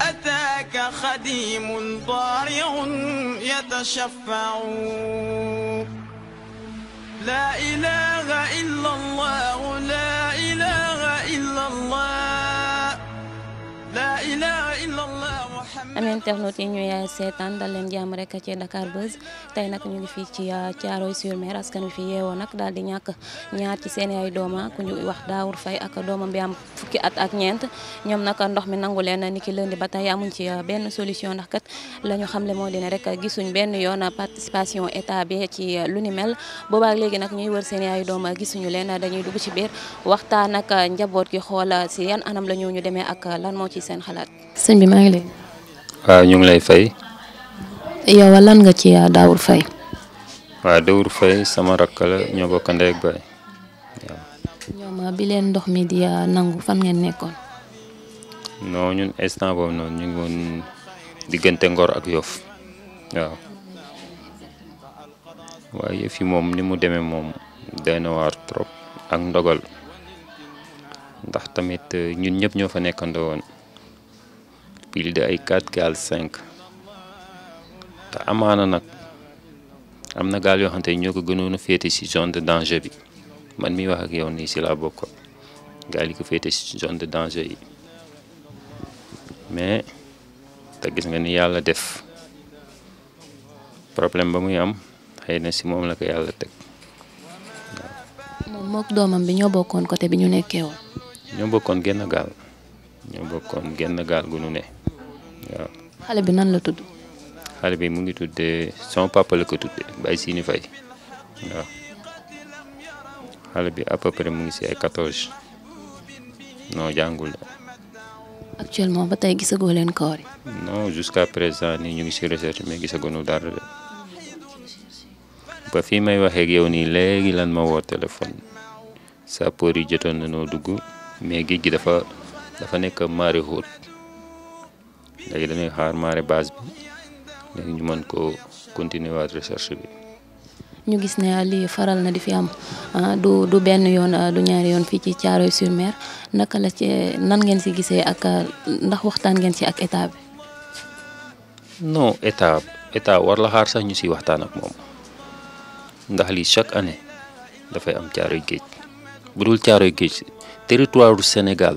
أتاك خديم ضارع يتشفع لا إله إلا الله لا إله إلا الله لا إله amee internautes yi ñuy seetaan dal leen jàmm rek ci Dakar Buzz tey nag ñu ngi fii ci ah, Thiaroye sur Mer askan wi fi yeewoo nag daal di ñàkk ñaar ci seen ay dooma ku ñu wax Daawur fay ak doomam bi am fukki at ak ñeent ñoom nag ndox mi nangu leen ni ki lëndi ba tey amuñ ci ah, benn solution ndax kat la ñu xamle moo di ne rek gisuñ benn yoon participation état bi ci ah, lu ni mel boobaak léegi nag ñuy wër seen ay dooma gisuñu leen dañuy dugg ci biir waxtaan ak njaboot gi xool si yan anam la ñu demee ak lan moo ci seen xalaat sëñ bi maa ngi leen waaw ñu ngi lay fay. yow lan nga ci yaa uh, Daour Faye. waaw Daour Faye sama rakk la ñoo bokk baay. ñoom bi leen ndox mi di uh, nangu fan ngeen nekkoon. non ñun instant boobu noonu ñu diggante Ngor ak Yoff waaw. waaye moom ni mu demee moom doy trop ak ndogal ndax tamit uh, ñun ñëpp ñoo fa nekkandoo woon. pile de ay 4 gaal 5 te amaana nag am na gaal yoo xam te ñoo ko gënoon a féete ci zone de danger bi man mi wax ak yow nii ci laa bokk gaal yi ko féete ci zone de danger yi mais te gis nga ni yàlla def problème ba muy am xëy na ci moom la ko yàlla teg moom mook doomam bi ñoo bokkoon côté bi ñu nekkee woon. ñoo bokkoon genn gaal ñoo bokkoon genn gaal gu ne. waaw. xale bi nan la tudd. xale bi mu ngi tuddee son papa la ko tuddee Baye Sini Faye waaw xale bi à peu mu ngi si ay 14 noo jàngul. actuellement ba tey gisagoo leen koor yi. non jusqu'à présent nii ñu ngi si recherche mais gisagoonu dara de ba fii may waxee ak yow nii léegi lan ma woo téléphone sapeurs yi jotoon nañoo dugg mais géej gi dafa dafa nekk marée haute. léegi dañuy xaar marée basse bi léegi ñu mën ko continuer waat recherche bi. ñu gis ne lii faral na di fi am ah, du du benn yoon ah, du ñaari yoon fii ci Thiaroye sur naka la ci nan ngeen si gisee ak ah, ndax waxtaan ngeen si ak état bi. non état état war la xaar sax ñu siy waxtaan ak moom ndax lii chaque année dafay am Thiaroye géej bu dul caaroy géej territoire du Sénégal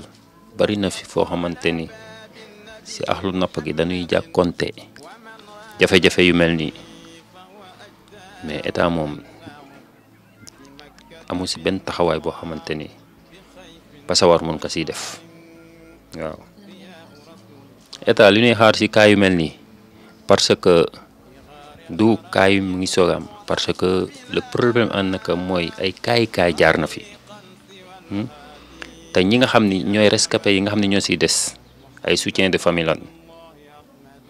bari na fi foo xamante ni. si axlu napp gi dañuy jàkkonte jafe-jafe yu mel nii mais état moom amu si benn taxawaay boo xamante ni ba sawar mun ko siy def waaw état li ñuy xaar si kaa yu mel nii parce que du cas yu mu ngi soogaam parce que le problème en naka mooy ay kaay kaay jaar na fi hmm? te ñi nga xam ni ñooy rescapé yi nga xam ni ñoo siy des. ay soutien de famille lan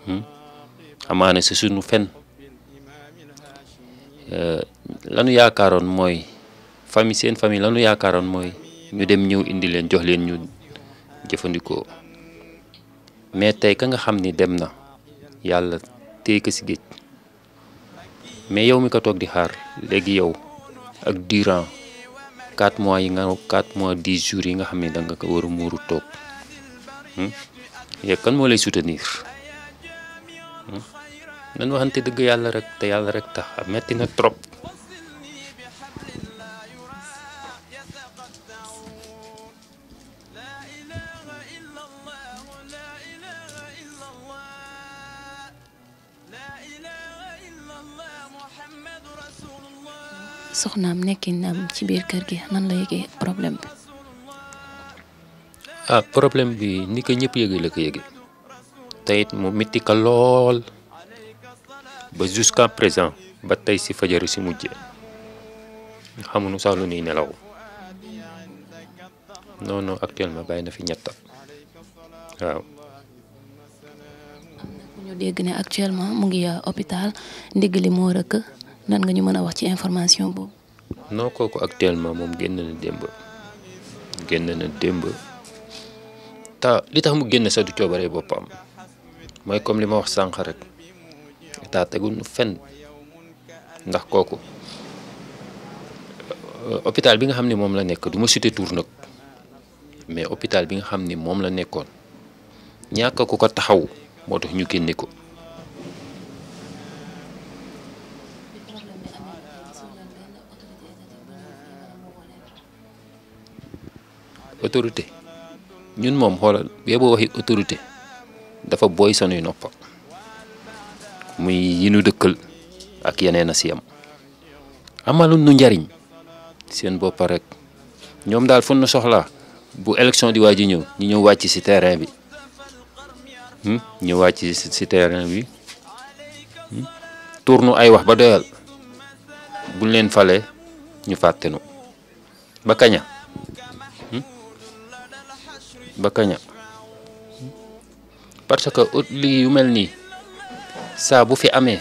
hmm? amaana si sunu fen euh, lanu yaakaaroon mooy famille seen famille lanu yaakaaroon mooy ñu dem ñëw indi leen jox leen ñu jëfandikoo mais tey ka nga xam ni dem na yàlla téye ko si géej mais yow mi ko toog di xaar léegi yow ak durant quatre mois yi nga quatre mois dix jours yi nga xam ni da nga ko war a muuru toog hmm? yow kan moo lay soutenir hmm? nan waxante dëgg yàlla rek te yàlla rek tax metti na trop. soxnaam nekkin am ci biir kër gi nan la yëgee problème bi. ah problème bi ni ko ñëpp yëge la ko yëge mu métti ko lool ba jusqu'à présent ba tey si fajaru si mujje xamuñu sax lu ñuy nelaw non non actuellement bàyyi na fi ñett waaw. mu ngi hôpital ndigg li moo rëkk nan nga ñu mën a wax ci information boobu. non kooku actuellement moom génn na démb génn na démb. te li tax mu génn sa du coobaree boppam mooy comme li ma wax sànq rek état tegul nu fenn ndax kooku euh, hôpital bi nga xam ne moom la nekk du ma cité tur nag mais hôpital bi nga xam ni moom la nekkoon ñàkk ku ko taxaw moo tax ñu génne ko autorité ñun moom xoolal bee waxi autorité dafa booy sanuy noppa muy yi nu dëkkal ak yeneen a si am amalu nu njariñ seen boppa rek ñoom daal fun nu soxlaa bu élection di waaj a ñëw ñu ñëw wàcc ci terrain bi hmm? ñu wàcc ci terrain bi hmm? nu ay wax ba doyal buñ leen falee ñu fàtte nu ba kaña ba kaña parce que ut lii yu mel nii saa bu fi amee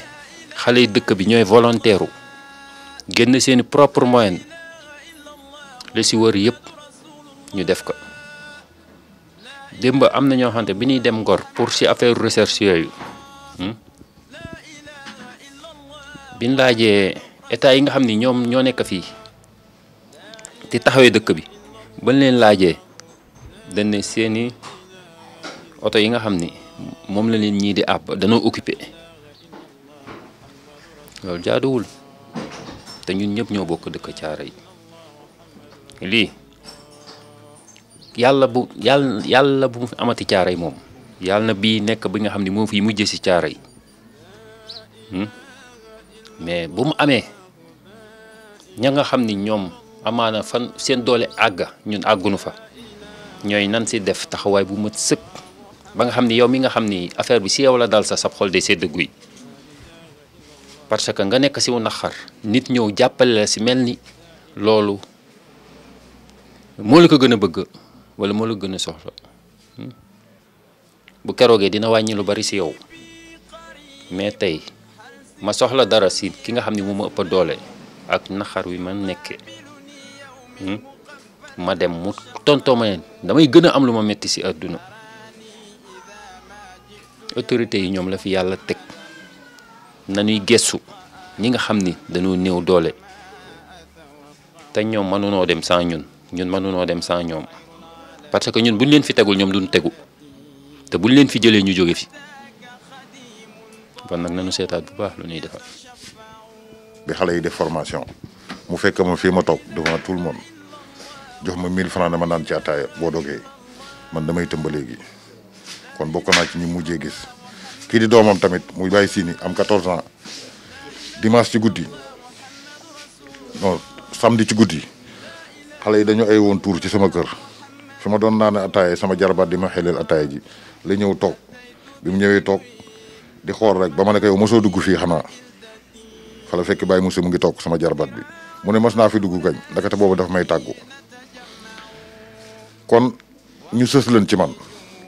xale yu dëkk bi ñooy volontaire génn seeni propre moyen li si wër yëpp ñu def ko démb am na ñoo xamante bi ñuy dem Ngor pour si affaire recherche yooyu hmm? biñ laajee état yi nga xam ni ñoom ñoo nekk fii te taxawee dëkk bi bañ leen laajee dañ seeni oto yi nga xam ni moom la leen ñii di àpp danoo occupé loolu jaaduwul te ñun ñëpp ñoo bokk dëkk caara yi lii yàlla bu yàlla yàlla bu mu fi amati caara yi moom yàlla na bii nekk bi nga xam ne moo fi mujj si caara yi hmm? mais bu mu amee ña nga xam ni ñoom amaana fan seen doole àgg ñun àggunu fa ñooy nan si def taxawaay bu ma sëkk ba nga xam ni yow mi nga xam ni affaire bi si yow la dal sa sab xol de sedd guy parce que nga nekk si wu naqar nit ñëw jàppale la si mel ni loolu moo la ko gën a bëgg wala moo la gën a soxla hmm? bu keroogee dina wàññi lu bari si yow mais tey ma soxla dara si ki nga xam ni mu ma ëpp doole ak naqar wi man nekkee. Hmm? ma dem mu tontoo ma damay gën a am lu ma metti ci adduna autorité yi ñoom la fi yàlla teg nañuy gëstu ñi nga xam ni dañoo néew doole te ñoom mënunoo dem sans ñun ñun mënunoo dem sans ñoom parce que ñun buñ leen fi tegul ñoom duñ tegu te buñ leen fi jëlee ñu jóge fi kon nag nañu seetaat bu baax lu ñuy defal. bi xale yi def formation mu fekk ma fii ma toog devant tout le monde. jox ma 1000 francs dama naan ci ataaya boo dogee man damay tëmba léegi kon bokk naa ci ñu mujjee gis kii di doomam tamit muy bàyyi siini am 14 ans dimanche ci guddi non samedi ci guddi xale yi dañu ay woon tuur ci sama kër fi ma doon naan ataaya sama jarbaat di ma xeleel ataaya ji la ñëw toog bi mu ñëwee toog di xool rek ba ma ne ko yow mosoo dugg fii xanaa fa la fekk bàyyi mu ngi toog sama jarbaat bi mu ne mos naa fi dugg gañ ndakate boobu daf may tàggu kon ñu sës ci man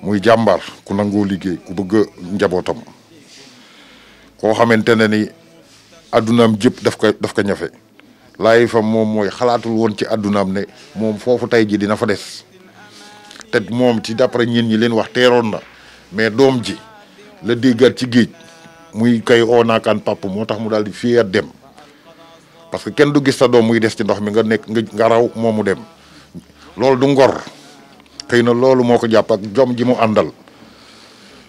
muy jàmbaar ku nangoo liggéey ku bëgg a njabootam koo xamante ne ni addunaam jëpp daf ko daf ko ñafe laay fa moom mooy xalaatul woon ci addunaam ne moom foofu tey ji dina fa des te moom ci d'après ñin ñi leen wax teeroon na mais doom ji la déggaat ci géej muy kay oo naakaan pàpp moo tax mu daal di fiyaat dem parce que kenn du gis sa doom muy des ci ndox mi nga nekk nga raw moomu dem loolu du ngor xëy na loolu moo ko jàpp ak jom ji mu àndal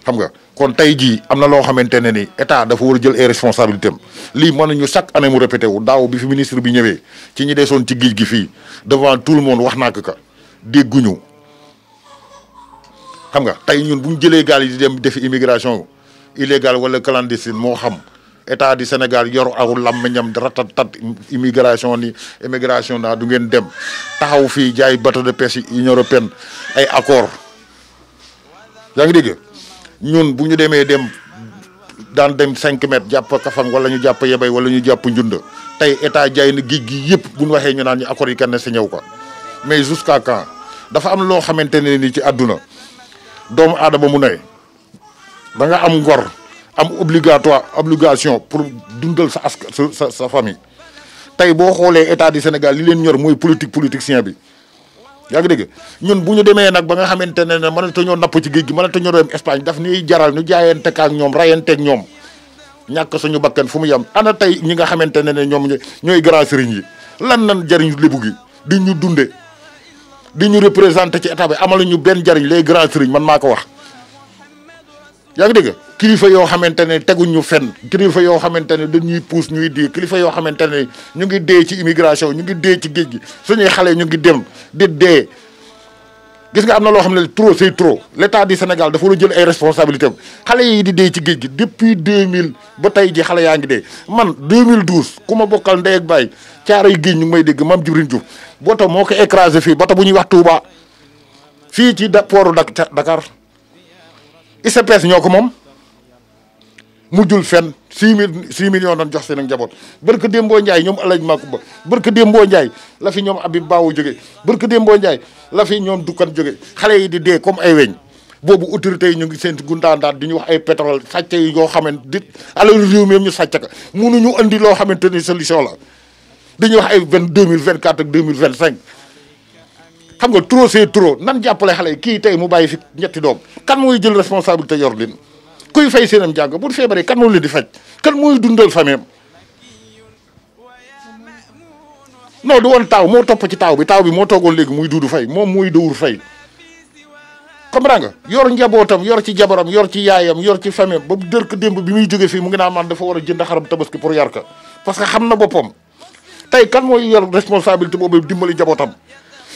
xam nga kon tey jii am na loo xamante ne ni état dafa war a jël ay responsabilité lii mën nañu chaque année mu répété wu daaw bi fi ministre bi ñëwee ci ñi desoon ci géej gi fii devant tout le monde wax naa ka ka dégguñu xam nga tey ñun bu jëlee gaal yi di dem defi immigration illégale wala clandestine moo xam. état du Sénégal yor aw làmmiñam ratat tat immigration ni immigration naa du ngeen dem taxaw fii jaay bateau de pêche Union européenne ay accord yaa ngi dégg ñun bu ñu demee dem daan dem cinq mètres jàpp kafang wala ñu jàpp yebay wala ñu jàpp njund tey état jaay na géej gi yëpp bu ñu waxee ñu naan ñu accord yi kenn si ñëw ko mais jusqu'à quand dafa am loo xamante ne ni ci àdduna doomu aadama mu ne da nga am ngor. am obligatoire obligation pour dundal sa ask sa sa famille tey boo xoolee état du Sénégal li leen ñor mooy politique politicien bi yaa ngi dégg ñun bu ñu demee nag ba nga xamante ne ne mënata ñoo napp ci géej gi mënata ñoo dem Espagne daf ñuy jaral ñu jaayante ak ñoom rayanteeg ñoom ñàkk suñu bakkan fu mu yem ana tey ñi nga xamante ne ne ñoom ñooy grand sëriñ yi lan nan jariñ lébu gi di ñu dunde di ñu représenté ci état bi amalu ñu benn jariñ les grands sëriñ man maa ko wax yaa ngi dégg kilifa yoo xamante ne teguñu fenn kilifa yoo xamante ne dañuy puus ñuy dee kilifa yoo xamante ne ñu ngi dee ci immigration ñu ngi dee ci géej gi suñuy xale ñu ngi dem di dee. gis nga am na loo xam ne trop c'est trop l'état du Sénégal dafa war a jël ay responsabilité xale yi di dee ci géej gi depuis 2000 ba tey ji xale yaa ngi dee man 2012 ku ma bokkal ndey ak baay caaray géej ñu ngi may dégg Mame Djibril Diouf bota moo ko écrasé fii bota bu ñuy wax Touba fii ci portu Dakar ICPS ñoo ko moom. mujjul fenn six mille six millions doon jox seen ak njaboot barke Dembo Ndiaye ñoom El Hadj Makumba barke Dembo Ndiaye la fi ñoom Habib Baaw jóge barke Dembo Ndiaye la fi ñoom dukkan jóge xale yi di dee comme ay weñ boobu autorité yi ñu ngi seen gundaandaat di ñu wax ay pétrole sàcc yi yoo xamante di alal réew mi ñu sàcc ka ñu indi loo xamante ni solution la dañuy wax ay vingt deux mille vingt quatre ak deux mille vingt cinq xam nga trop c'est trop nan jàppale xale yi kii tey mu bàyyi fi ñetti doom kan mooy jël responsabilité yor leen kuy fay seenam jàng bu feebaree kan moo leen di faj kan mooy dundal famille am du woon taaw moo topp ci taaw bi taaw bi moo toogoon léegi muy duudu fay moom muy dëwur fay comprendre nga yor njabootam yor ci jabaram yor ci yaayam yor ci famille ba mu dërk démb bi muy jóge fii mu ngi naan man dafa war a jënd xaram tabaski pour yar parce que xam na boppam tey kan mooy yor responsabilité boobu dimbali njabootam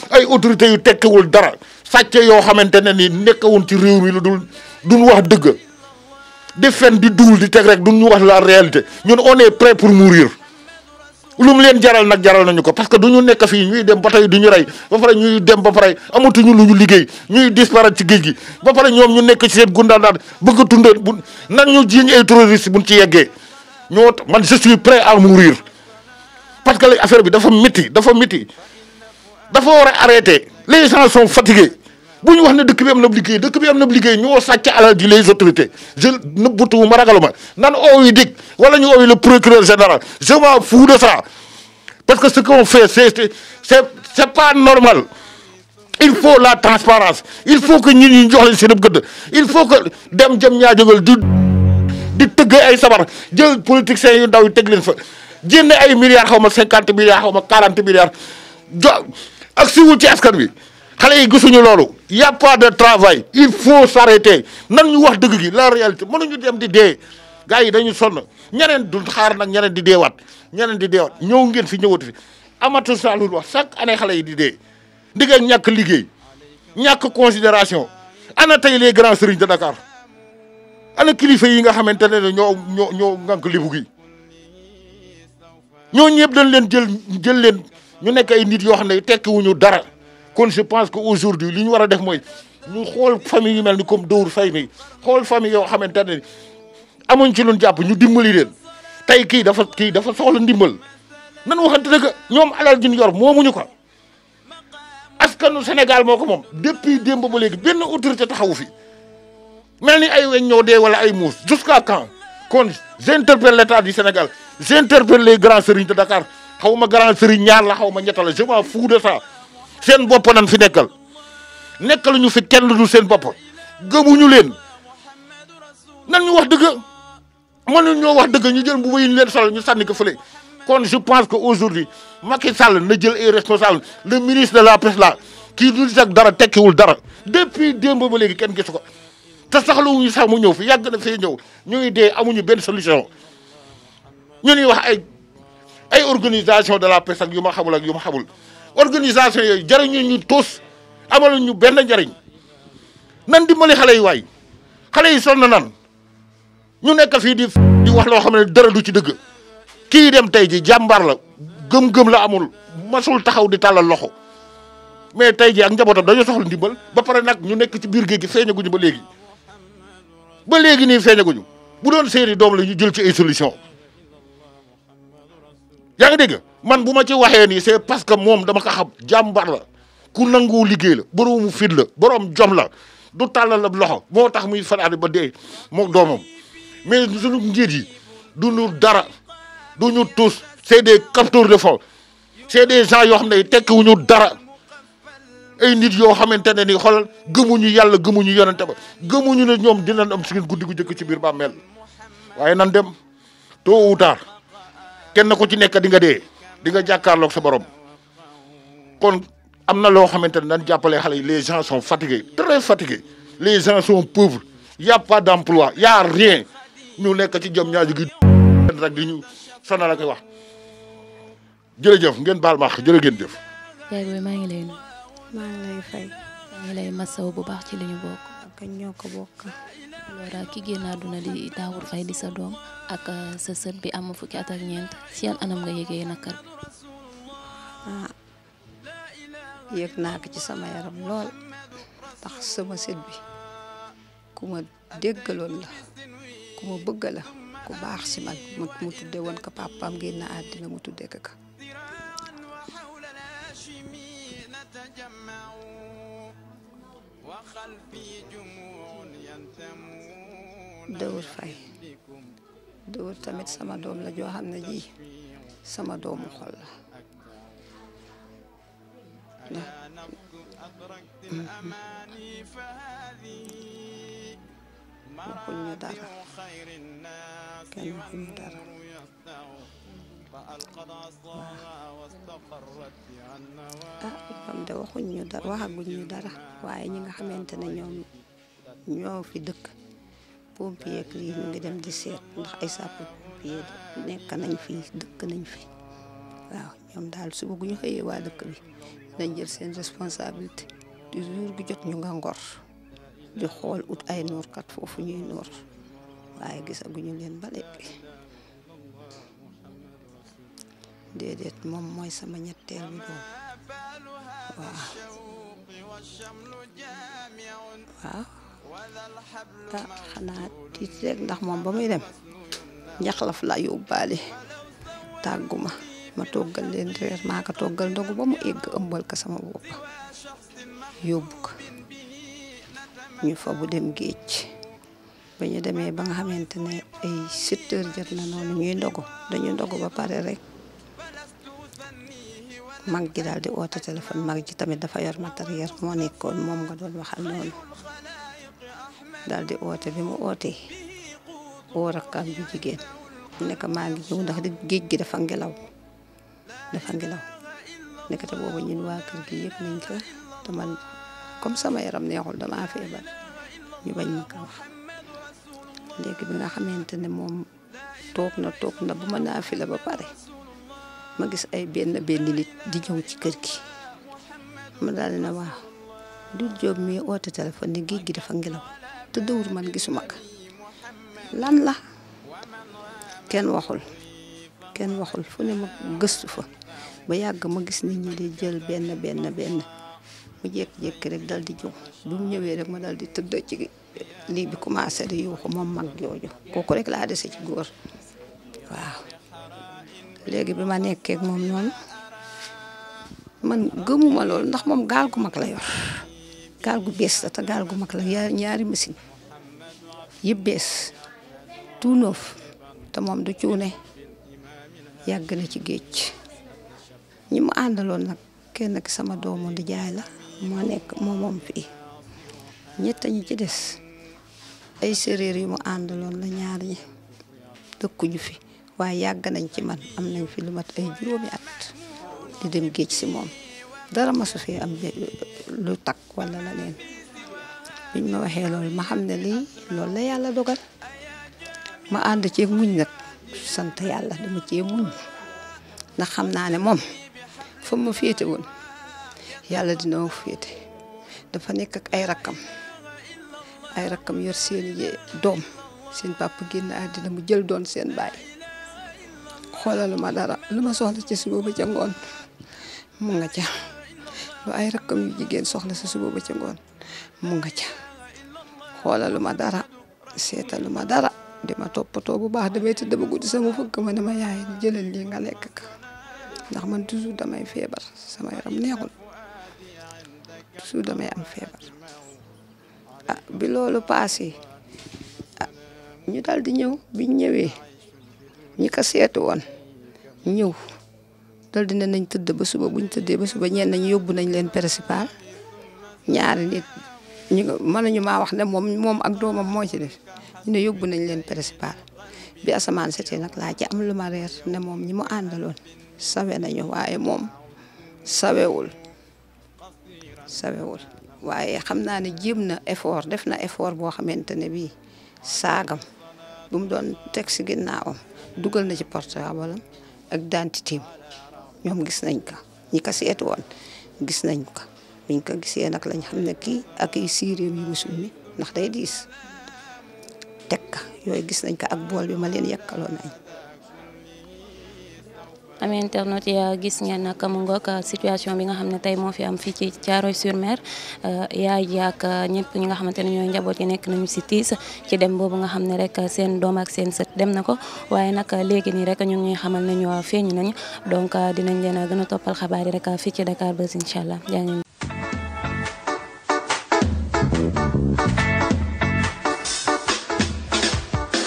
ay autorité yu tekkiwul dara sàcce yoo xamante ne ni nekkawun ci réew mi lu dul duñ wax dëgg di fen di duul di teg rek du ñu wax la réalité ñun on est prêt pour mourir lu mu leen jaral nag jaral nañu ko parce que du ñu nekk fii ñuy dem ba tey du ñu rey ba pare ñuy dem ba pare amatuñu lu ñu liggéey ñuy disparaître ci géej gi ba pare ñoom ñu nekk ci seen gundaandaat bëgg a tundee bu nan ñu jiiñ ay bu buñ ci yeggee ñoo man je suis a à mourir parce que léegi affaire bi dafa métti dafa métti dafa war a arrêter les gens sont fatigués. bu ñu wax ne dëkk bi na liggéey dëkk bi am na liggéey ñoo sàcc alal ji les autorités je nëbbatuwu ma ragalu ma nan oowi oh dig wala ñu oowi le procureur général je m'en fous de ça parce que ce qu'on fait c'est c'est c'est pas normal il faut la transparence il faut que ñu ñu jox leen seen gëdd il faut que dem jëm ñaa jógal di di tëgg ay sabar jël politiciens yu ndaw yi teg leen fa jénne ay milliards xaw ma cinquante milliards xaw ma quarante milliards jo si siwul ci askan wi xale yi gisuñu loolu y' a de travail il faut s'arrêter nan ñu wax dëgg gi la réalité ñu dem di dee gars yi dañu sonn ñeneen du xaar nag ñeneen di deewaat ñeneen di deewaat ñëw ngeen fi ñëwatu fi amatu saalul wax chaque année xale yi di dee digga ñàkk liggéey ñàkk considération ana tey le grands sëriñ de Dakar ana kilifa yi nga xamante ne ñoo ñoo ñoo ngànk libu gi ñoo ñëpp dañ leen jël jël leen ñu nekk ay nit yoo xam ne tekkiwuñu dara kon je pense que aujourd'hui li ñu war a def mooy ñu xool famille yu mel ni comme Dóor Faye bi xool famille yoo xamante ne amuñ ci luñ jàpp ñu dimbali leen tey kii dafa kii dafa soxla ndimbal nan waxante dëgg ñoom alal ji ñu yor moomuñu ko askanu Sénégal moo ko moom depuis démb ba léegi benn autorité taxawu fi mel ni ay weñ ñoo dee wala ay muus jusqu'à quand kon j'interpelle l'état du Sénégal j'interpelle les grands sëriñ de Dakar xaw ma grand sëriñ ñaar la xaw ma ñetta la je de ça seen bopp nan fi nekkal ñu fi kenn dul seen boppa gëmuñu leen nan ñu wax dëgg mënuñ ñoo wax dëgg ñu jël bu yi ñu leen sol ñu sànni ko fële kon je pense que aujourd'hui Macky Sall na jël ay responsable le ministre de la presse la kii du sax dara tekkiwul dara depuis démb ba léegi kenn gisu ko te saxlawuñu sax mu ñëw fi yàgg na fee ñëw ñu ngi amuñu benn solution ñu ñuy wax ay ay organisation de la presse ak yu ma xamul ak yu ma xamul organisation yooyu jariñu ñu tous amalu ñu benn njariñ nan dimbali xale yi waay xale yi sonn nan ñu nekk fii di wax loo xam ne dara du ci dëgg kii dem tey ji jàmbaar la gëm-gëm la amul masul taxaw di tàllal loxo mais tey ji ak njabootam dañoo soxla ndimbal ba pare nag ñu nekk ci biir géej gi feeñaguñu ba léegi ba léegi nii feeñaguñu bu doon seeni doom la ñu jël ci ay solution yaa ngi dégg man bu ma ci waxee nii c'est parce que moom dama ko xam jàmbar la ku nangoo liggéey la boroomu fit la boroom jom la du tàllal la loxo moo tax muy fanaani ba dee moom doomam mais suñu njiit yi du ñu dara du ñu tous c'est des capteurs de fond c'est des gens yoo xam ne tekkiwuñu dara ay nit yoo xamante ne ni xoolal gëmuñu yàlla gëmuñu yonente ba gëmuñu ne ñoom dinañ am seen guddi gu jëkk ci biir bàmmeel waaye nan dem tôt ou tard kenn ku ci nekk di nga dee. di nga jàkkaarloog sa borom kon am na loo xamante ne dañ jàppale xale yi les gens sont fatigués très fatigués les gens sont pauvres y' a pas d' emploi rien ñu nekk ci jom ñaaju gi rek di ñu sana la koy wax jërëjëf ngeen baal maax jërë ngeen jëf. yaay lay maa ngi bu baax ci li ñu bokk. ak ñoo ko bokk. Lora ki génn àdduna di Daawur Faye di sa doom ak sa sët bi am fukki at ak ñeent si yan anam nga yëgee nakar bi. ah yëg naa ko ci sama yaram lool ndax sama sët bi ku ma déggaloon la ku ma la ku baax si man mu tudde woon ko papaam génn àddina mu tudde ko ka تجمعوا وخلفي جموع ينتمون dëwër fay dëwër tamit sama doom la joo xam ne ji sama doomu xol la ndax waxuñ ñu dara kenn waxuñ ñu dara ah ñoom de waxuñ ñu dara waxaguñ ñu ñi nga xamante ne ñoom ñoo fi dëkk pompier lii ñu ngi dem di seet ndax ay sapeurs-pompiers nekk nañ fii dëkk nañ fi waaw ñoom daal suba gu ñu xëyee waa dëkk bi dañ jël seen responsabilité toujours gu jot ñu nga ngor di xool ut ay noorkat foofu ñuy noor waaye gisaguñu leen ba léegi déedéet moom mooy sama ñetteel bi doom waaw. ah xanaa tiit rek ndax moom ba muy dem njaxlaf la yóbbaale tàgguma ma toggal leen reer maa toggal ndogu ba mu egg ëmbal ko sama bopp yóbbu ñu fa bu dem géej ba ñu demee ba nga xamante ne ay sept heures jot na noonu ñuy ndogu dañu ndogu ba pare rek mag ji daal di oote téléphone mag ji tamit dafa yor matériel moo nekkoon moom nga doon waxal noonu daal di oote bi mu ootee woo rakkaam jigéen nekk maa ngi ñëw ndax géej gi dafa ngelaw dafa ngelaw nekk te boobu ñun waa kër gi yëpp nañ ko te man comme sama yaram neexul damaa feebar ñu bañ ma kaw léegi bi nga xamante ne moom toog na toog na bu ma naa ba pare ma gis ay benn benn nit di ñëw ci kër gi ma daal na waaw du jóob mi oote téléphone ne géej gi dafa ngelaw te dëwul man gisuma ko lan la kenn waxul kenn waxul fu ne ma gëstu fa ba yàgg ma gis nit ñi de jël benn benn benn mu jékki-jékki rek dal di jóg bu mu ñëwee rek ma dal di tëdd ci lii bi commencé di yuuxu moom mag jooju kooku rek laa dese ci góor waaw léegi bi ma nekkee moom noonu man gëmuma loolu ndax moom gaal gu mag la yor gaal gu bees la te gaal gu mag la ñaari machine yëpp bees tout neuf te moom du cuune yàgg na ci géej ñi mu àndaloon nag kenn ki sama doomu di jaay la moo nekk moom fii ñett ñi ci des ay séréer yu mu àndaloon la ñaar ñi dëkkuñu fi waaye yàgg nañ ci man am nañ fi lu mat ay juróomi at di dem géej si moom dara ma su fee am lu takk walla la leen biñ ma waxee loolu ma xam ne lii loolu la yàlla dogal ma ànd ci muñ nag sant yàlla dama cee muñ ndax xam naa ne moom fa ma féete woon yàlla dina ma féete dafa nekk ak ay rakkam ay rakkam yor seeni doom seen papa génn àddina mu jël doon seen baay xoolal dara lu ma soxla ci suba ba ca ngoon mu nga ca lu ay rakkam yu jigéen soxla si suba ba ca ngoon mu nga ca xoolalu ma dara seetalu ma dara dima toppatoo bu baax damay tëdd ba guddi sama fëkk ma dama yaay jëlal lii nga lekk ka ndax man toujours damay feebar sama yaram neexul toujours damay am feebar ah bi loolu paase ah ñu dal di ñëw biñ ñëwee ñi ka seetu woon ñëw loolu dina nañ tëdd ba suba bu buñ tëddee ba suba ñenn ñi yóbbu nañ leen principal ñaari nit ñu nañu ma wax ne moom moom ak doomam moo ci def ñu ne yóbbu nañ leen principal bi asamaan setee nag laa ci am lu ma reer ne moom ñi mu àndaloon sawe nañu waaye moom sawewul sawewul waaye xam naa ne jéem na effort def na effort boo xamante ne bii saagam bu mu doon teg si ginnaawam dugal na ci portable am ak dantitim ñoom gis nañ ko ñi ko seet woon gis nañ ko buñ ko gisee nag lañ xam ne kii ak i siiréem yu musul mi ndax day diis teg ka yooyu gis nañ ko ak bool bi ma leen yekkaloon añ am internet yaa gis ngeen nag mu ngook euh, situation bi nga xam ne tey moo fi am fii ci Thiaroye sur Mer euh, yaay yaak euh, ñëpp ñi nga xamante ne ñooy njaboot yi nekk nañu si tiis ci dem boobu nga xam ne rek seen doom ak seen sët dem na ko waaye nag léegi nii rek ñu ngi xamal ne ñoo feeñ nañu donc dinañ leen a gën a toppal xabaar yi rek fii ci Dakar Buzz incha allah